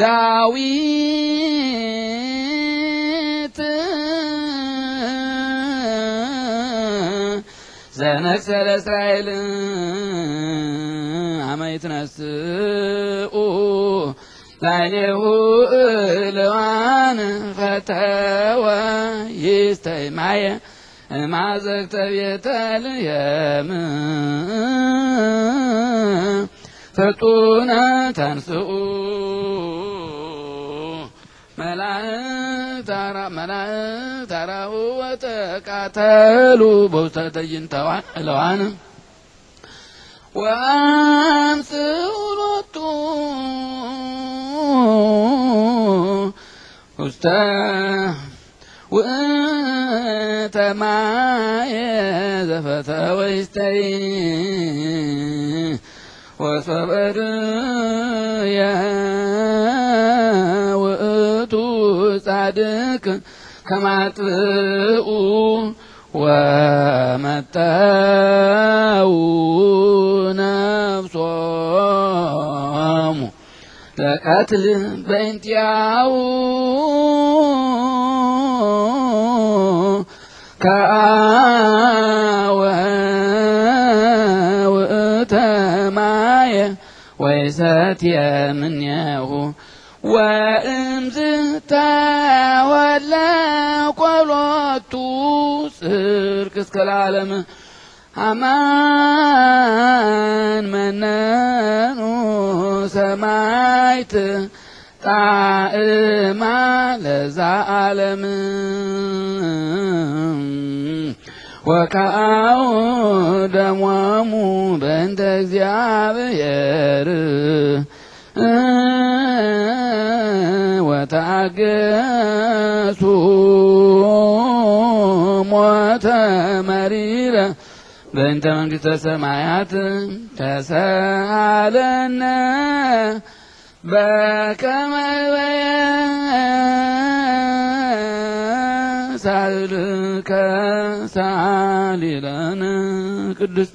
ዳዊት ዘነግሠ ለእስራኤል አመ ይትነስኡ ላዕሌሁ እለዋን ፈተወ ይስተይማየ ማዘግተ ቤተልሔም ፍጡነ ተንስኡ መላእክት አራው ወተቃተሉ በውስተደይን ተዋለዋን وأمثل وأنت ما زفت ويستي وصبر يا ጻድቅ ከማጥኡ ወመጠው ነፍሶሙ ለቀትል በእንቲያው ከአወ ውእተ ማየ ወእምዝታ ወላ ቆሎቱ ጽርቅ እስከ ለዓለም አማን መነኑ ሰማይት ጣዕማ ለዛ ዓለም ወካአው ደሞሙ በእንተ እግዚአብሔር ታገሱ ሞተ መሪረ በእንተ መንግስተ ሰማያት ተሰአለነ በከመ በየሳልከ ሳሊለነ ቅዱስ